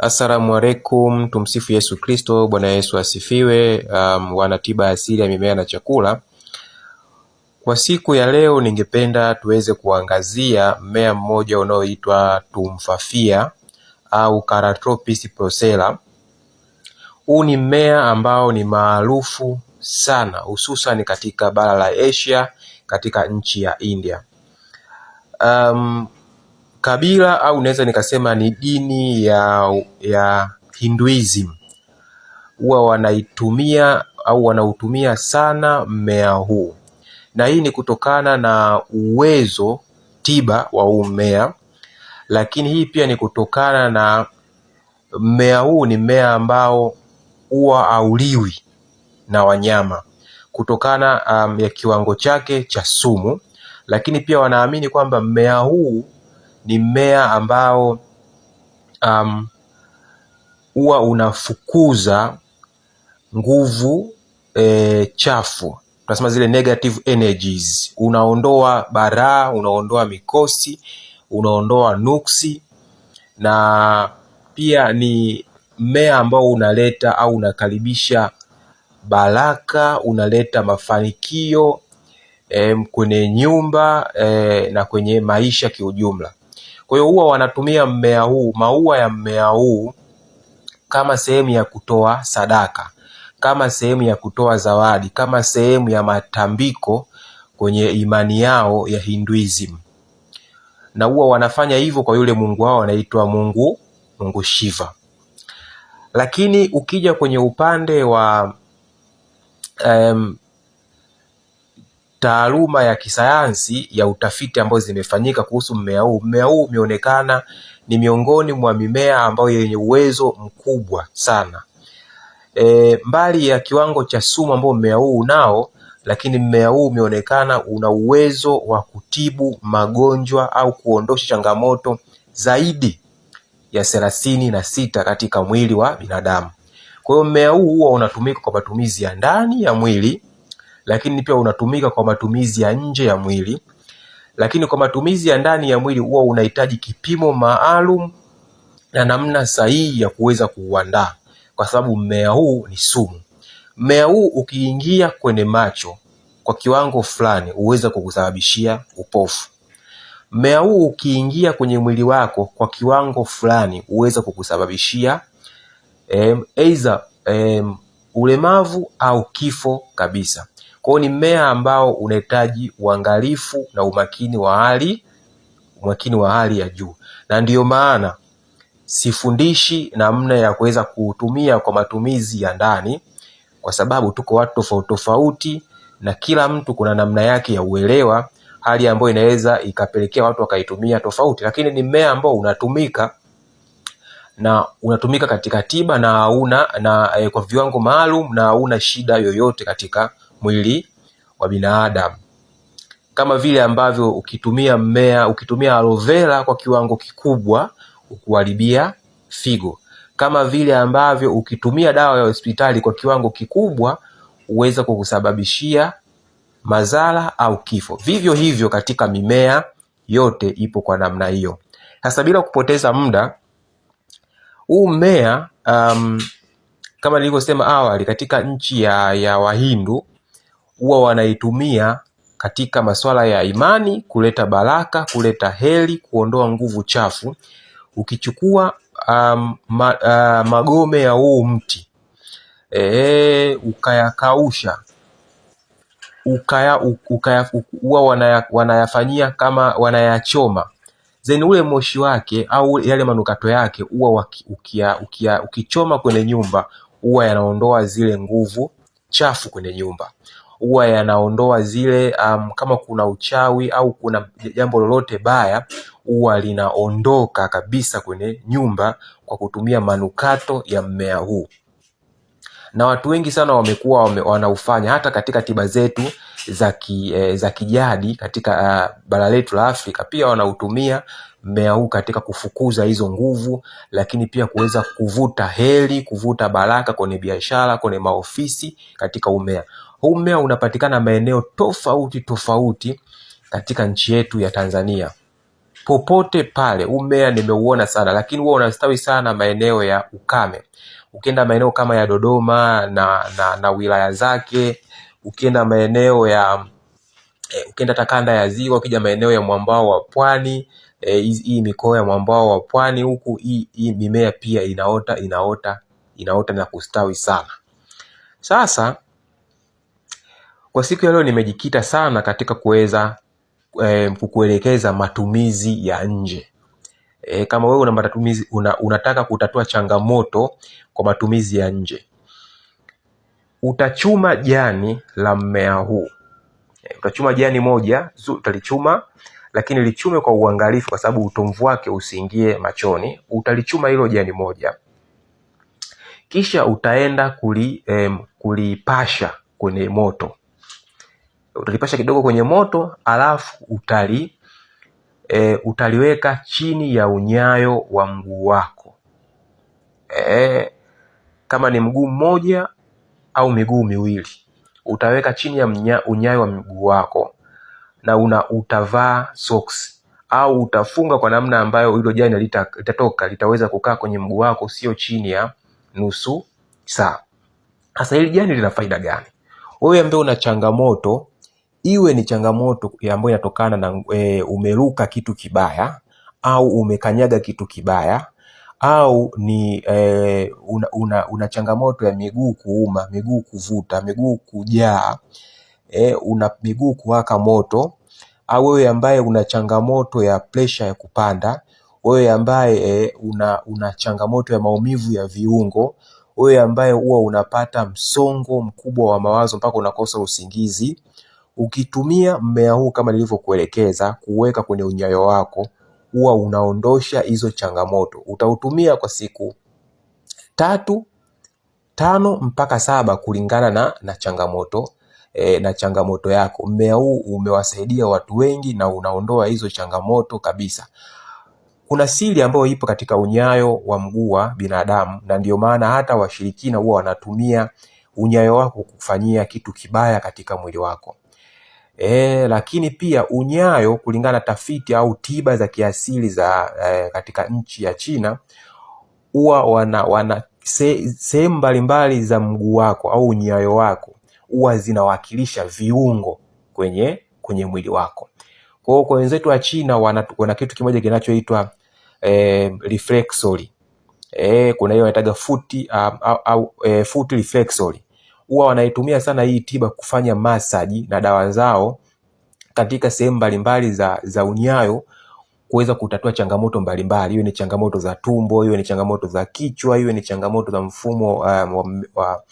Assalamu alaikum, tumsifu Yesu Kristo. Bwana Yesu asifiwe. Um, wana tiba asili ya mimea na chakula, kwa siku ya leo ningependa tuweze kuangazia mmea mmoja unaoitwa tumfafia au Caratropis procella. Huu ni mmea ambao ni maarufu sana hususan katika bara la Asia, katika nchi ya India. Um, kabila au naweza nikasema ni dini ya, ya Hinduism huwa wanaitumia au wanautumia sana mmea huu, na hii ni kutokana na uwezo tiba wa huu mmea, lakini hii pia ni kutokana na mmea huu ni mmea ambao huwa auliwi na wanyama kutokana um, ya kiwango chake cha sumu, lakini pia wanaamini kwamba mmea huu ni mmea ambao um, huwa unafukuza nguvu e, chafu tunasema zile negative energies, unaondoa baraa, unaondoa mikosi, unaondoa nuksi, na pia ni mmea ambao unaleta au unakaribisha baraka, unaleta mafanikio e, kwenye nyumba e, na kwenye maisha kiujumla. Kwa hiyo huwa wanatumia mmea huu, maua ya mmea huu kama sehemu ya kutoa sadaka, kama sehemu ya kutoa zawadi, kama sehemu ya matambiko kwenye imani yao ya Hinduism, na huwa wanafanya hivyo kwa yule mungu wao anaitwa mungu mungu Shiva. Lakini ukija kwenye upande wa um, taaluma ya kisayansi ya utafiti ambazo zimefanyika kuhusu mmea huu. Mmea huu umeonekana ni miongoni mwa mimea ambayo yenye uwezo mkubwa sana. E, mbali ya kiwango cha sumu ambao mmea huu unao, lakini mmea huu umeonekana una uwezo wa kutibu magonjwa au kuondosha changamoto zaidi ya thelathini na sita katika mwili wa binadamu. Kwa hiyo mmea huu huwa unatumika kwa matumizi ya ndani ya mwili lakini pia unatumika kwa matumizi ya nje ya mwili. Lakini kwa matumizi ya ndani ya mwili huwa unahitaji kipimo maalum na namna sahihi ya kuweza kuuandaa, kwa sababu mmea huu ni sumu. Mmea huu ukiingia kwenye macho kwa kiwango fulani huweza kukusababishia upofu. Mmea huu ukiingia kwenye mwili wako kwa kiwango fulani huweza kukusababishia aidha ulemavu au kifo kabisa. Kwa hiyo ni mmea ambao unahitaji uangalifu na umakini wa hali umakini wa hali ya juu, na ndiyo maana sifundishi namna ya kuweza kuutumia kwa matumizi ya ndani, kwa sababu tuko watu tofauti tofauti na kila mtu kuna namna yake ya uelewa, hali ambayo inaweza ikapelekea watu wakaitumia tofauti, lakini ni mmea ambao unatumika na unatumika katika tiba na hauna na, e, kwa viwango maalum na hauna shida yoyote katika mwili wa binadamu, kama vile ambavyo ukitumia mmea ukitumia aloe vera kwa kiwango kikubwa ukuharibia figo, kama vile ambavyo ukitumia dawa ya hospitali kwa kiwango kikubwa huweza kukusababishia madhara au kifo. Vivyo hivyo katika mimea yote ipo kwa namna hiyo. Sasa bila kupoteza muda, huu mmea um, kama nilivyosema awali katika nchi ya, ya Wahindu huwa wanaitumia katika masuala ya imani, kuleta baraka, kuleta heri, kuondoa nguvu chafu. Ukichukua um, ma, uh, magome ya huu mti e, ukayakausha ukaya, ukaya, huwa wanaya, wanayafanyia kama wanayachoma zeni ule moshi wake au yale manukato yake huwa ukichoma kwenye nyumba huwa yanaondoa zile nguvu chafu kwenye nyumba huwa yanaondoa zile um, kama kuna uchawi au kuna jambo lolote baya huwa linaondoka kabisa kwenye nyumba kwa kutumia manukato ya mmea huu na watu wengi sana wamekuwa wame, wanaufanya hata katika tiba zetu za ki, e, za kijadi katika uh, bara letu la Afrika pia wanautumia mmea huu katika kufukuza hizo nguvu, lakini pia kuweza kuvuta heri, kuvuta baraka kwenye biashara, kwenye maofisi, katika umea. Huu mmea unapatikana maeneo tofauti tofauti katika nchi yetu ya Tanzania. Popote pale huu mmea nimeuona sana, lakini huwa unastawi sana maeneo ya ukame. Ukienda maeneo kama ya Dodoma na, na, na wilaya zake, ukienda maeneo ya e, ukienda hata kanda ya Ziwa, ukija maeneo ya mwambao wa pwani eh, hii e, mikoa ya mwambao wa pwani huku, hii mimea pia inaota inaota inaota na kustawi sana. Sasa kwa siku ya leo nimejikita sana katika kuweza e, kukuelekeza matumizi ya nje e, kama wewe una matumizi una, unataka kutatua changamoto kwa matumizi ya nje, utachuma jani la mmea huu e, utachuma jani moja utalichuma lakini lichume kwa uangalifu, kwa sababu utomvu wake usiingie machoni. Utalichuma hilo jani moja, kisha utaenda kuli, em, kulipasha kwenye moto utakipasha kidogo kwenye moto alafu utali e, utaliweka chini ya unyayo wa mguu wako e, kama ni mguu mmoja au miguu miwili utaweka chini ya mnya, unyayo wa mguu wako na una utavaa socks au utafunga kwa namna ambayo hilo jani litatoka litaweza kukaa kwenye mguu wako, sio chini ya nusu saa. Sasa hili jani lina faida gani? Wewe ambaye una changamoto iwe ni changamoto ambayo inatokana na e, umeruka kitu kibaya au umekanyaga kitu kibaya au ni e, una, una, una changamoto ya miguu kuuma, miguu kuvuta, miguu kujaa e, una miguu kuwaka moto au wewe ambaye una changamoto ya presha ya kupanda, wewe ambaye e, una, una changamoto ya maumivu ya viungo, wewe ambaye huwa unapata msongo mkubwa wa mawazo mpaka unakosa usingizi Ukitumia mmea huu kama nilivyokuelekeza kuweka kwenye unyayo wako huwa unaondosha hizo changamoto. Utautumia kwa siku tatu tano mpaka saba kulingana na, na changamoto e, na changamoto yako. Mmea huu umewasaidia watu wengi na unaondoa hizo changamoto kabisa. Kuna siri ambayo ipo katika unyayo wa mguu wa binadamu, na ndio maana hata washirikina huwa wanatumia unyayo wako kufanyia kitu kibaya katika mwili wako. E, lakini pia unyayo kulingana na tafiti au tiba za kiasili za e, katika nchi ya China huwa wana, wana sehemu mbalimbali za mguu wako au unyayo wako huwa zinawakilisha viungo kwenye kwenye mwili wako. Kwa hiyo kwa wenzetu wa China wana, wana kitu kimoja kinachoitwa e, eh, reflexory. E, kuna hiyo wanaitaga foot, ah, au, au, e, foot reflexory huwa wanaitumia sana hii tiba kufanya masaji na dawa zao katika sehemu mbalimbali za, za unyayo kuweza kutatua changamoto mbalimbali, iwe ni changamoto za tumbo, iwe ni changamoto za kichwa, iwe ni changamoto za mfumo uh, wa, wa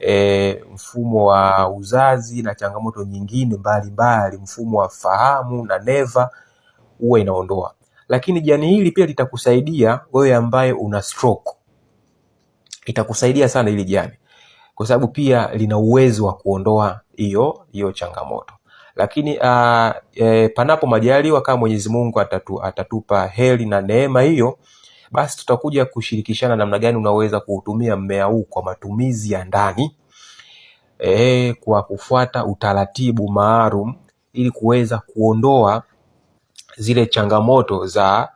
E, mfumo wa uzazi na changamoto nyingine mbalimbali, mfumo wa fahamu na neva huwa inaondoa. Lakini jani hili pia litakusaidia wewe ambaye una stroke, itakusaidia sana hili jani kwa sababu pia lina uwezo wa kuondoa hiyo hiyo changamoto lakini uh, e, panapo majaliwa kama Mwenyezi Mungu atatu, atatupa heri na neema hiyo, basi tutakuja kushirikishana namna gani unaweza kuutumia mmea huu kwa matumizi ya ndani e, kwa kufuata utaratibu maalum ili kuweza kuondoa zile changamoto za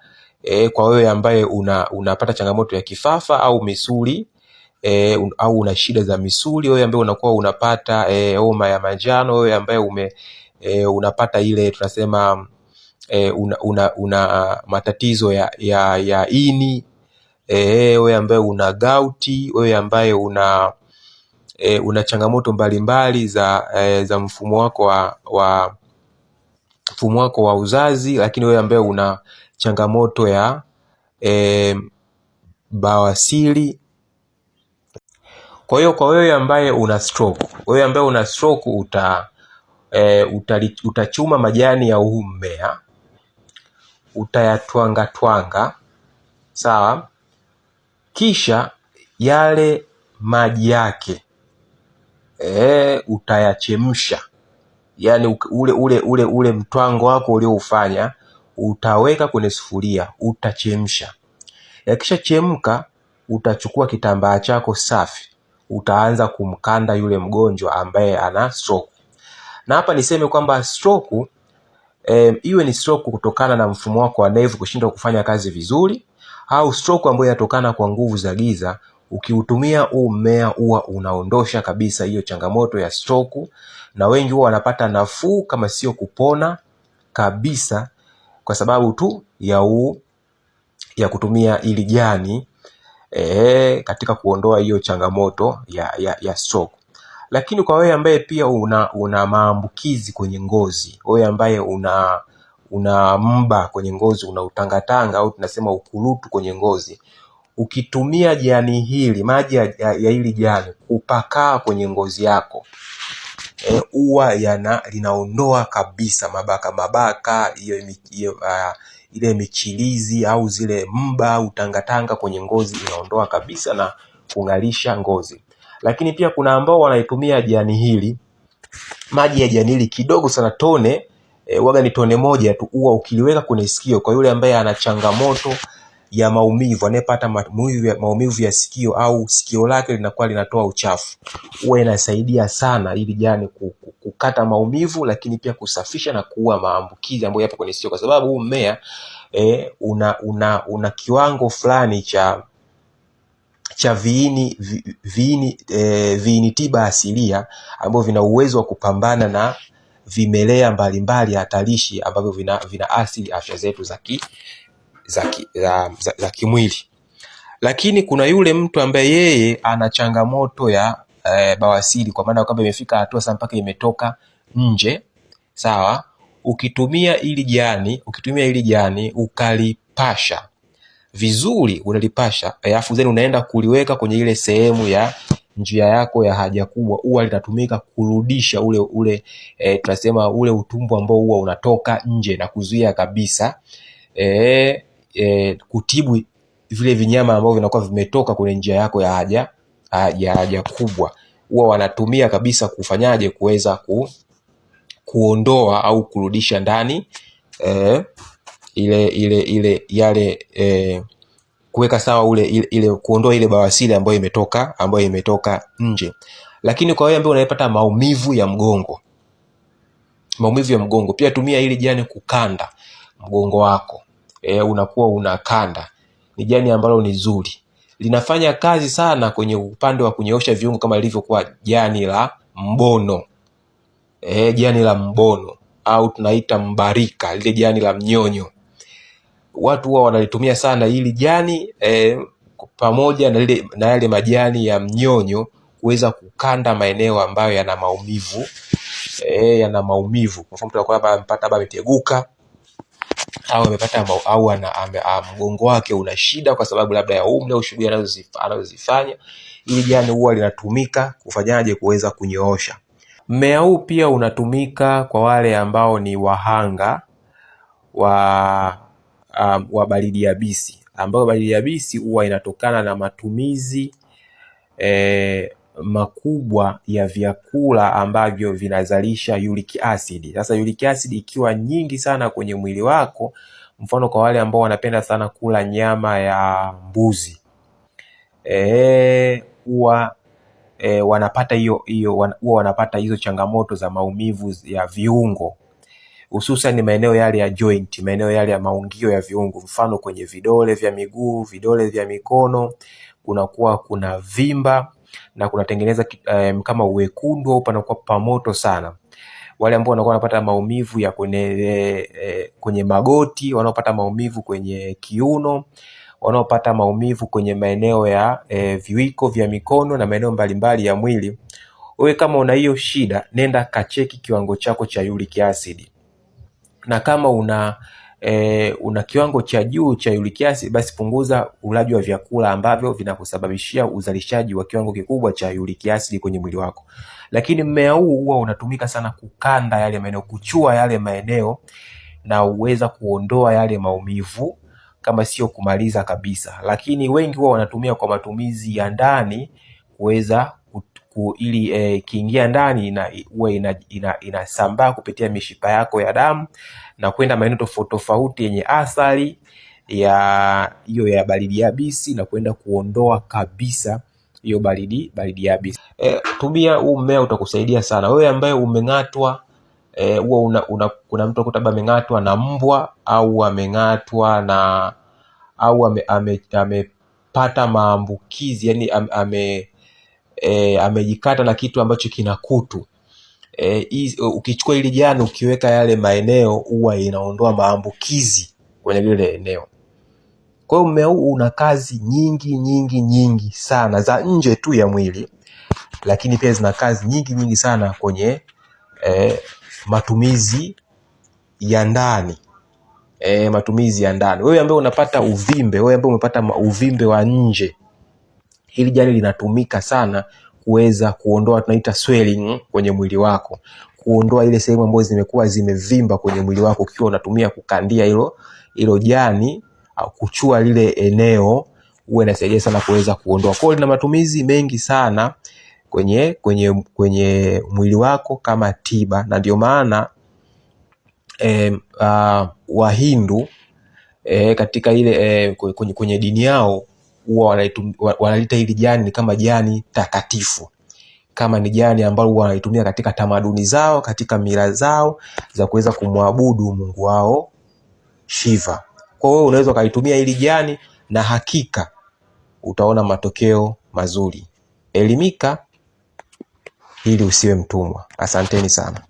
e, kwa wewe ambaye una, unapata changamoto ya kifafa au misuli e, un, au una shida za misuli, wewe ambaye unakuwa unapata eh, homa e, ya manjano, wewe ambaye ume e, unapata ile tunasema e, una, una, una matatizo ya, ya, ya ini wewe ambaye una gauti, wewe ambaye una e, una changamoto mbalimbali za e, za mfumo wako wa, wa mfumo wako wa uzazi, lakini wewe ambaye una changamoto ya e, bawasiri kwa hiyo kwa wewe ambaye una stroke, wewe ambaye una stroke uta e, utali, utachuma majani ya huu mmea utayatwanga twanga, sawa. Kisha yale maji yake e, utayachemsha yani ule, ule, ule, ule mtwango wako ulioufanya utaweka kwenye sufuria, utachemsha. Yakisha chemka, utachukua kitambaa chako safi utaanza kumkanda yule mgonjwa ambaye ana stroke. Na hapa niseme kwamba stroke eh, iwe ni stroke kutokana na mfumo wako wa nevu kushindwa kufanya kazi vizuri au stroke ambayo inatokana kwa nguvu za giza, ukiutumia huu mmea huwa unaondosha kabisa hiyo changamoto ya stroke, na wengi huwa wanapata nafuu kama sio kupona kabisa, kwa sababu tu ya u, ya kutumia ili jani e, katika kuondoa hiyo changamoto ya, ya, ya stroke. Lakini kwa wewe ambaye pia una, una maambukizi kwenye ngozi, wewe ambaye una una mba kwenye ngozi, una utangatanga au tunasema ukurutu kwenye ngozi, ukitumia jani hili maji ya, ya hili jani kupakaa kwenye ngozi yako eh, huwa e, yana linaondoa kabisa mabaka mabaka hiyo ah, ile michilizi au zile mba utangatanga kwenye ngozi inaondoa kabisa na kung'alisha ngozi. Lakini pia kuna ambao wanaitumia jani hili, maji ya jani hili kidogo sana, tone e, eh, waga ni tone moja tu, huwa ukiliweka kwenye sikio, kwa yule ambaye ana changamoto ya maumivu, anayepata maumivu ya sikio au sikio lake linakuwa linatoa uchafu, huwa inasaidia sana ili jani kukata maumivu, lakini pia kusafisha na kuua maambukizi ambayo yapo kwenye sikio, kwa sababu huu mmea e, una, una, una kiwango fulani cha cha viini vi, viini, e, viini tiba asilia ambavyo vina uwezo wa kupambana na vimelea mbalimbali hatarishi ambavyo vina, vina asili afya zetu za ki za, za, za, za kimwili. Lakini kuna yule mtu ambaye yeye ana changamoto ya e, bawasiri kwa maana kwamba imefika hatua sasa mpaka imetoka nje, sawa. Ukitumia ili jani, ukitumia ili jani ukalipasha vizuri, unalipasha alafu eh, zeni unaenda kuliweka kwenye ile sehemu ya njia yako ya haja kubwa, huwa linatumika kurudisha ule ule e, tunasema ule utumbo ambao huwa unatoka nje na kuzuia kabisa e, e, kutibu vile vinyama ambavyo vinakuwa vimetoka kwenye njia yako ya haja ya haja kubwa, huwa wanatumia kabisa kufanyaje kuweza ku, kuondoa au kurudisha ndani e, ile ile ile yale e, kuweka sawa ule ile, ile kuondoa ile bawasili ambayo imetoka ambayo imetoka nje. Lakini kwa wewe ambaye unayepata maumivu ya mgongo, maumivu ya mgongo pia tumia hili jani kukanda mgongo wako e, unakuwa unakanda. Ni jani ambalo ni zuri, linafanya kazi sana kwenye upande wa kunyoosha viungo kama lilivyokuwa jani la mbono e, jani la mbono au tunaita mbarika, lile jani la mnyonyo. Watu huwa wanalitumia sana ili jani e, pamoja na lile na yale majani ya mnyonyo kuweza kukanda maeneo ambayo yana maumivu e, yana maumivu. Kwa mfano mtu anakuwa amepata ameteguka au amepata au mgongo wake una shida kwa sababu labda ya umri au shughuli anazozifanya, ili jani huwa linatumika kufanyaje kuweza kunyoosha. Mmea huu pia unatumika kwa wale ambao ni wahanga wa, um, wa baridi yabisi, ambayo baridi yabisi huwa inatokana na matumizi eh, makubwa ya vyakula ambavyo vinazalisha uric acid. Sasa uric acid ikiwa nyingi sana kwenye mwili wako, mfano kwa wale ambao wanapenda sana kula nyama ya mbuzi eh, huwa e, e, wanapata hiyo hiyo huwa wanapata hizo changamoto za maumivu ya viungo hususan maeneo yale ya joint, maeneo yale ya maungio ya viungo, mfano kwenye vidole vya miguu, vidole vya mikono, kunakuwa kuna vimba na kunatengeneza um, kama uwekundu au panakuwa pamoto sana. Wale ambao wanakuwa wanapata maumivu ya kwenye, e, kwenye magoti, wanaopata maumivu kwenye kiuno, wanaopata maumivu kwenye maeneo ya e, viwiko vya mikono na maeneo mbalimbali ya mwili. Wewe kama una hiyo shida, nenda kacheki kiwango chako cha uric acid na kama una e, una kiwango cha juu cha uric acid, basi punguza ulaji wa vyakula ambavyo vinakusababishia uzalishaji wa kiwango kikubwa cha uric acid kwenye mwili wako. Lakini mmea huu huwa unatumika sana kukanda yale maeneo, kuchua yale maeneo, na uweza kuondoa yale maumivu kama sio kumaliza kabisa, lakini wengi huwa wanatumia kwa matumizi ya ndani kuweza ili eh, kiingia ndani huwa ina, inasambaa ina, ina kupitia mishipa yako ya damu na kwenda maeneo tofauti tofauti yenye athari ya hiyo ya baridi yabisi na kwenda kuondoa kabisa hiyo baridi baridi yabisi. E, tumia huu mmea utakusaidia sana wewe ambaye umeng'atwa e, huwa e, una, una, kuna mtu akuta labda ameng'atwa na mbwa au ameng'atwa na au amepata ame, ame maambukizi yani ame, ame, e, amejikata na kitu ambacho kina kutu e, ukichukua ile jani ukiweka yale maeneo huwa inaondoa maambukizi kwenye lile eneo. Kwa hiyo mmea huu una kazi nyingi nyingi nyingi sana za nje tu ya mwili, lakini pia zina kazi nyingi nyingi sana kwenye e, matumizi ya ndani e, matumizi ya ndani. Wewe ambaye unapata uvimbe, wewe ambaye umepata uvimbe wa nje, hili jani linatumika sana kuweza kuondoa tunaita swelling kwenye mwili wako, kuondoa ile sehemu ambazo zimekuwa zimevimba kwenye mwili wako, ukiwa unatumia kukandia hilo hilo jani au kuchua lile eneo, huwa inasaidia sana kuweza kuondoa. Kwa hiyo lina matumizi mengi sana kwenye kwenye kwenye mwili wako kama tiba, na ndio maana eh, uh, Wahindu eh, katika ile eh, kwenye, kwenye dini yao huwa wanalita hili jani ni kama jani takatifu, kama ni jani ambalo huwa wanaitumia katika tamaduni zao, katika mila zao za kuweza kumwabudu mungu wao Shiva. Kwa hiyo unaweza ukaitumia hili jani na hakika utaona matokeo mazuri. Elimika ili usiwe mtumwa. Asanteni sana.